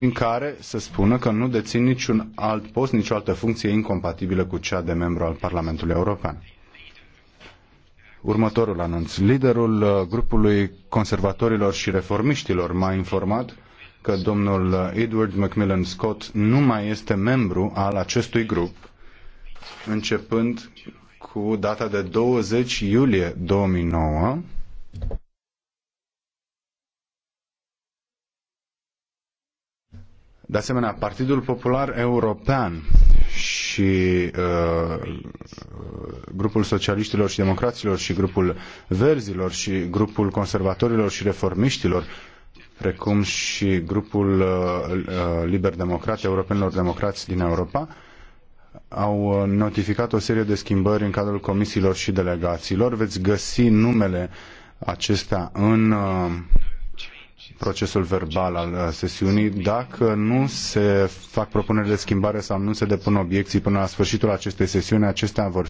în care să spună că nu dețin niciun alt post, nicio altă funcție incompatibilă cu cea de membru al Parlamentului European. Următorul anunț. Liderul uh, grupului conservatorilor și reformiștilor m-a informat că domnul uh, Edward Macmillan Scott nu mai este membru al acestui grup, începând cu data de 20 iulie 2009 De asemenea, Partidul Popular European și uh, grupul socialiștilor și democraților și grupul verzilor și grupul conservatorilor și reformiștilor, precum și grupul uh, uh liber-democrat, europenilor democrați din Europa, au uh, notificat o serie de schimbări în cadrul comisiilor și delegațiilor. Veți găsi numele acestea în uh, procesul verbal al uh, sesiunii dacă nu se fac propuneri de schimbare sau nu se depun obiecții până la sfârșitul acestei sesiuni acestea vor